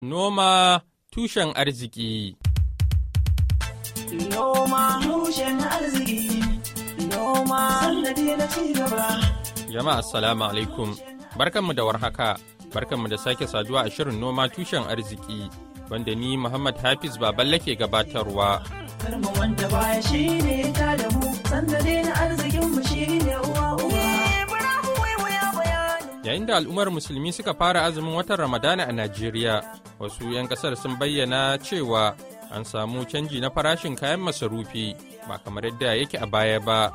Noma tushen arziki Noma tushen arziki Noma sannadi na cigaba Jama'a assalamu alaikum barkanmu da warhaka barkanmu da sake saduwa a shirin noma tushen arziki wanda ni Muhammad Hafiz Baballe ke gabatarwa Karma wanda baya shi ne ta da mu sannadi na arzikin mu shi ne uwa uwa Yayin da al'ummar musulmi suka fara azumin watan Ramadana a Najeriya, wasu 'yan kasar sun bayyana cewa an samu canji na farashin kayan masarufi ba kamar yadda yake a baya ba.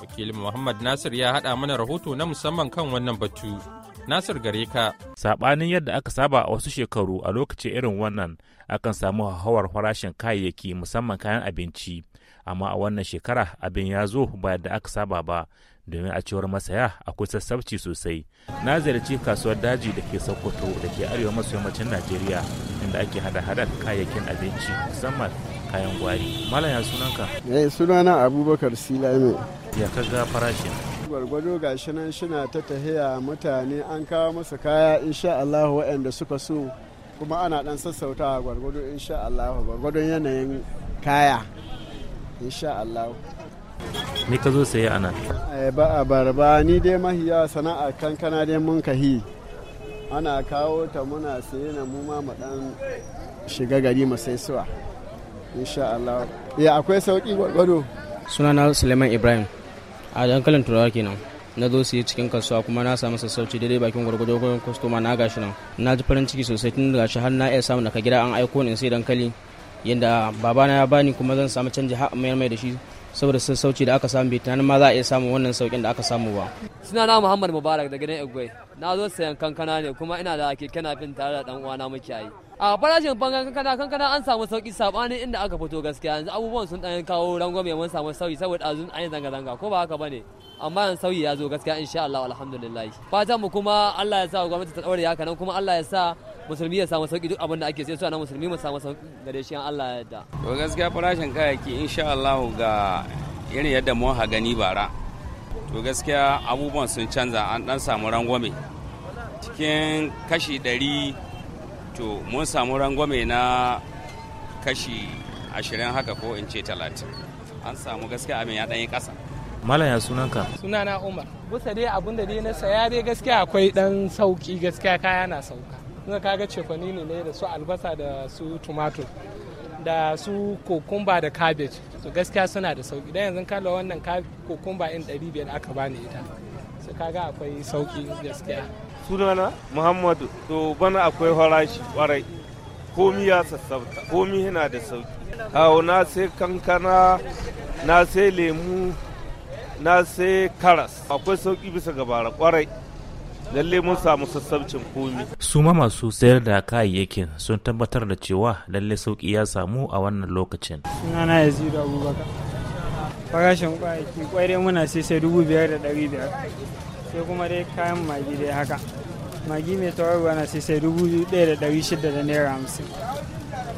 Wakilin Muhammad Nasir ya haɗa mana rahoto na musamman kan wannan batu. Nasir gare ka. Saɓanin yadda aka saba a wasu shekaru a lokaci irin wannan akan samu hauhawar farashin kayayyaki musamman kayan abinci amma a wannan shekara abin ya zo ba da aka saba ba domin a cewar masaya akwai sassauci sosai na ziyarci kasuwar daji da ke sokoto da ke arewa maso yammacin najeriya inda ake hada-hadar kayayyakin abinci musamman kayan gwari malam ya sunanka eh sunana abubakar silame ya kaga farashin gwargwado shi nan shina ta tahiya mutane an kawo masa kaya insha Allah waɗanda suka so kuma ana dan sassautawa gwargwado insha Allah gwargwadon yanayin kaya insha Allah Ni ka zo saye ana eh, ba a barba ni dai mahiya sana'a kankana dai mun kahi ana kawo ta muna saye na mu ma mu dan shiga gari mu sai suwa insha Allah ya eh, akwai sauki gwargwado sunana Suleiman Ibrahim a dankalin turawa kenan na zo su cikin kasuwa kuma na samu sassauci daidai bakin gwargwado gurin kwastoma na gashi nan na ji farin ciki sosai tun da gashi har na iya samu daga gida an aiko ni sai dankali yadda babana ya bani kuma zan samu canji har mayar mai da shi saboda sun sauci da aka samu bai tunanin ma za a iya samun wannan saukin da aka samu ba. suna na muhammad mubarak daga nan igwe na zo sayan kankana ne kuma ina da kana fin tare da dan uwana muke ayi a farashin bangan kankana kankana an samu sauki sabanin inda aka fito gaskiya yanzu abubuwan sun dan kawo rangwame mun samu sauyi saboda azun an yi zanga-zanga ko ba haka bane amma yan sauyi ya zo gaskiya insha Allah alhamdulillah fatan mu kuma Allah ya sa gwamnati ta daure haka nan kuma Allah ya sa musulmi ya samu sauki duk abin da ake sai su ana musulmi mu samu sauki da shi Allah ya yarda to gaskiya farashin kayayyaki insha Allah ga irin yadda mu ha gani bara to gaskiya abubuwan sun canza an dan samu rangwame cikin kashi ɗari to mun samu rangwame na kashi ashirin haka ko in ce talatin an samu gaskiya abin ya yi ƙasa malam ya sunanka sunana umar busa dai abun da dai na saya dai gaskiya akwai dan sauƙi gaskiya kaya na sauka Ka kaga cefani ne ne da su albasa da su tumatur da su kokumba da cabbage to gaskiya suna da sauki don yanzu kala wannan kokumba in 500 aka bani ita su kaga akwai sauki gaskiya sunana muhammadu to bana akwai farashi kwarai komi ya sassauta komi yana da sauki hawo na sai kankana na sai lemu na sai karas akwai sauki bisa gabara kwarai lalle mun samu sassabcin komi su ma masu sayar da kayayyakin sun tabbatar da cewa lalle sauki ya samu a wannan lokacin sunana ya zira abubakar farashin kwayaki kwaire muna sai sai dubu biyar da ɗari biyar sai kuma dai kayan magi dai haka magi mai tawarwa na sai sai dubu ɗaya da ɗari shida da naira hamsin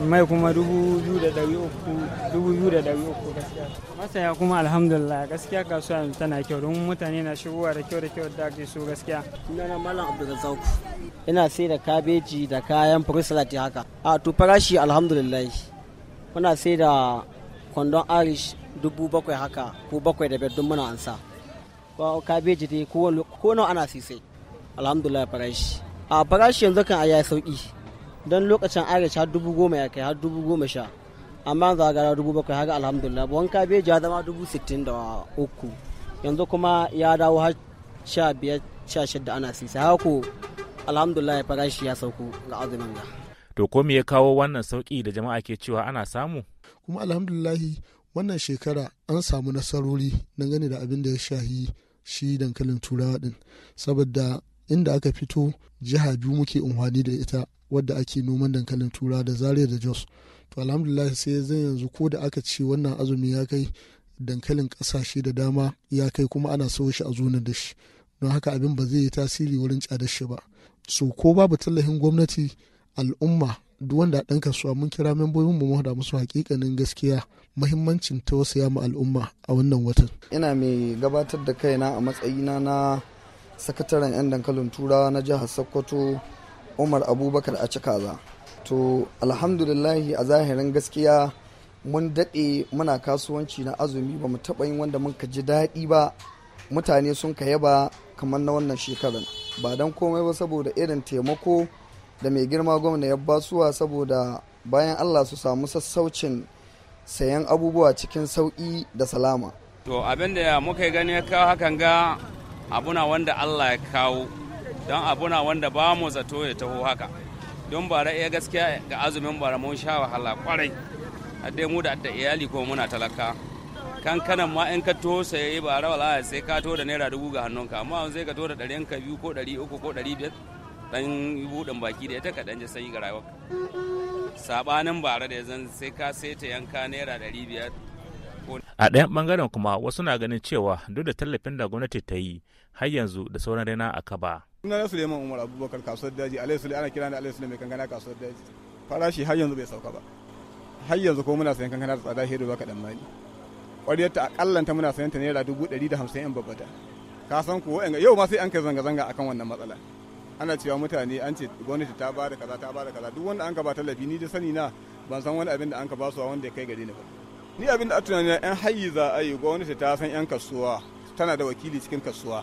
mai kuma dubu biyu da dari uku dubu biyu da dari uku gaskiya masaya kuma alhamdulillah gaskiya kasuwa yanzu tana kyau don mutane na shigowa da kyau da kyau da ake so gaskiya sunana malam abdulrazak ina sai da kabeji da kayan fruit salad haka a to farashi alhamdulillah muna sai da kwandon irish dubu bakwai haka ko bakwai da biyar muna ansa ba kabeji dai ko nawa ana sisai alhamdulillah farashi a farashi yanzu kan a ya sauki don lokacin agaci har dubu goma ya kai har dubu goma sha amma za gara dubu bakwai haka alhamdulillah buwan kabeji ya zama dubu sittin da uku yanzu kuma ya dawo har sha biyar sha shidda ana sisa haka alhamdulillah farashi ya sauko ga azumin ga to ko me ya kawo wannan sauki da jama'a ke cewa ana samu kuma alhamdulillahi wannan shekara an samu nasarori na dangane da abin da ya shahi shi dankalin turawa din saboda inda aka fito jiha biyu muke unhwani da ita wadda ake noman dankalin tura da zaria da jos to alhamdulillah sai zan yanzu ko da aka ce wannan azumi ya kai dankalin kasashe da dama ya kai kuma ana sau shi a zonar da shi don haka abin ba zai yi tasiri wurin tsadar shi ba so ko babu tallafin gwamnati al'umma duk wanda ɗan kasuwa mun kira membobin mu da musu hakikanin gaskiya muhimmancin tausaya ma al'umma a wannan watan ina mai gabatar da kaina a matsayina na sakataren 'yan dankalin tura na jihar sokoto umar abubakar a cikaza to alhamdulillahi a zahirin gaskiya mun daɗe muna kasuwanci na azumi ba mu taɓa yin wanda muka ji daɗi ba mutane sun ka yaba kamar na wannan shekarar ba don komai ba saboda irin taimako da mai girma gwamna ya basuwa saboda bayan allah su samu sassaucin sayan abubuwa cikin sauƙi da salama to abin da muka gani ya kawo hakan ga abuna wanda allah ya kawo don abuna wanda ba mu zato ya taho haka don bara iya gaskiya ga azumin bara mun sha wahala kwarai dai mu da iyali ko muna talaka kankanan ma in ka to sai ba rawala sai ka to da naira dubu ga hannunka amma sai ka to da ɗari ka biyu ko ɗari uku ko ɗari biyar dan buɗin baki da ita ka ɗan ji sanyi ga rayuwa sabanin bara da yanzu sai ka sai ta yanka naira ɗari biyar a ɗayan ɓangaren kuma wasu na ganin cewa duk da tallafin da gwamnati ta yi har yanzu da sauran rena a kaba. Suna na Suleiman Umar Abubakar kasuwar daji, Alayhi Sule ana kira da Alayhi Sule mai kankana kasuwar daji. Farashi har yanzu bai sauka ba. Har yanzu ko muna sayan kankana da tsada shi da baka dan mani. Ƙwariyar ta akallanta muna sayan ta naira dubu ɗari da hamsin yan babbata. Ka san ko yau ma sai an kai zanga-zanga akan wannan matsala. Ana cewa mutane an ce gwamnati ta bada kaza ta bada kaza duk wanda an ka ba tallafi ni da sani na ban san wani abin da an ka ba su wanda ya kai gare ni ba. Ni abin da a tunanin 'yan hayi za a yi gwamnati ta san 'yan kasuwa tana da wakili cikin kasuwa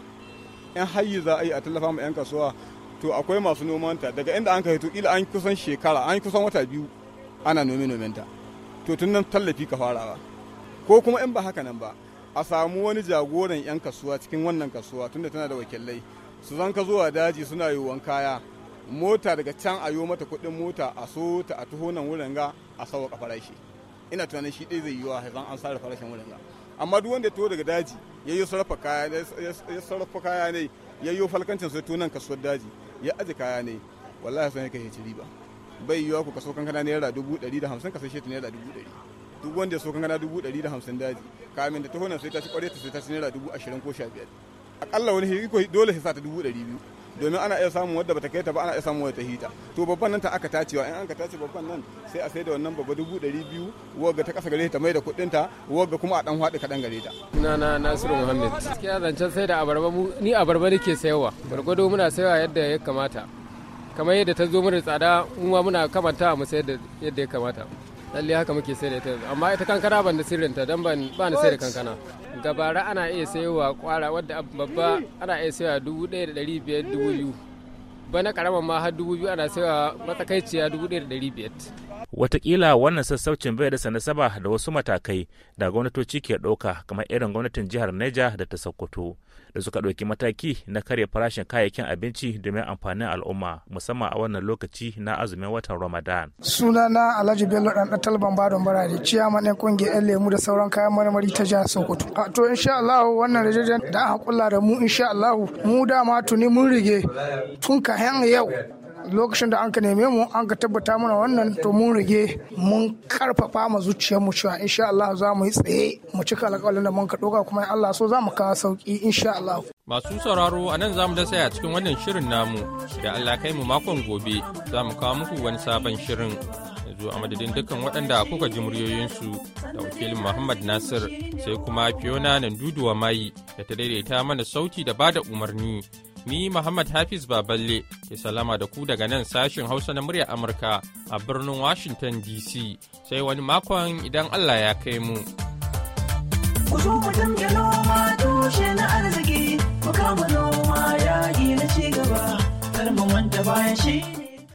yan hayi za a yi a tallafa ma yan kasuwa to akwai masu nomanta daga inda an kai to ila an kusan shekara an kusan wata biyu ana nome ta to tun nan tallafi ka fara ba. ko kuma in ba haka nan ba a samu wani jagoran yan kasuwa cikin wannan kasuwa tunda tana da wakilai su zan ka zuwa daji suna yiwuwan kaya mota daga can a yo mata kuɗin mota a so ta a tuho nan wurin ga a sauka farashi ina tunanin shi ɗaya zai yiwa zan an sare farashin wurin ga amma duk wanda ya to daga daji ya yi sarrafa kaya ya sarrafa kaya ne ya yi falkancin sai tunan nan kasuwar daji ya aje kaya ne wallahi sai kai ci riba bai yiwa ku kaso kankana naira dubu ɗari da hamsin kasashe ta naira dubu ɗari duk wanda ya so kankana dubu ɗari da hamsin daji kamin da ta nan sai ta ci kwarai ta sai ta ci naira dubu ashirin ko sha biyar akalla wani dole sai sa ta dubu ɗari biyu domin ana iya samun wadda bata kai ta ba ana iya samun wadda ta hita to babban nan ta aka tacewa in an ka tace babban nan sai a sai da wannan babba dubu ɗari biyu wagga ta kasa gare ta mai da kuɗin ta wagga kuma a dan haɗe kaɗan gare ta. na nasiru muhammad gaskiya zancen sai da abarba mu ni abarba nake sayarwa gwargwado muna sayarwa yadda ya kamata kamar yadda ta zo mana tsada mu ma muna kamanta mu sayar da yadda ya kamata lalle haka muke sayar da ita amma ita kankana ban da sirrinta dan ban ba ni sayar da kankana gabara ana iya sayowa kwara wadda babba ana iya sayowa dubu ɗaya da ɗari biyar dubu biyu bana karama ma har dubu biyu ana sayowa matsakaiciya dubu ɗaya da ɗari biyar watakila wannan sassaucin bai da nasaba da wasu matakai da gwamnatoci ke ɗauka kamar irin gwamnatin jihar neja da ta sokoto da suka ɗauki mataki na karya farashin kayayyakin abinci domin amfanin al'umma musamman a wannan lokaci na azumin watan ramadan sunana alhaji bello dan talban badon barade ciyaman ɗin kungiyar yan lemu da sauran kayan marmari ta jihar sokoto a to insha allah wannan rajajen da aka kula da mu insha allah mu dama tuni mun rige tun kayan yau lokacin da an ka neme mu an ka tabbata mana wannan to mun rage mun karfafa ma zuciyar mu cewa insha Allah za mu yi tsaye mu cika alƙawarin da mun ka doka kuma Allah so za mu kawo sauki insha Allah masu sauraro a nan za mu da tsaya cikin wannan shirin namu da Allah kai mu makon gobe za mu kawo muku wani sabon shirin yanzu a madadin dukkan waɗanda kuka ji muryoyinsu da wakilin Muhammad Nasir sai kuma Fiona Nanduduwa Mai da ta daidaita mana sauti da bada umarni Ni Muhammad Hafiz Baballe ke salama da ku daga nan sashin Hausa na muryar Amurka a birnin Washington DC sai wani makon idan Allah ya kai mu. Ku zo mu na arziki, ku noma yaƙi na ci gaba,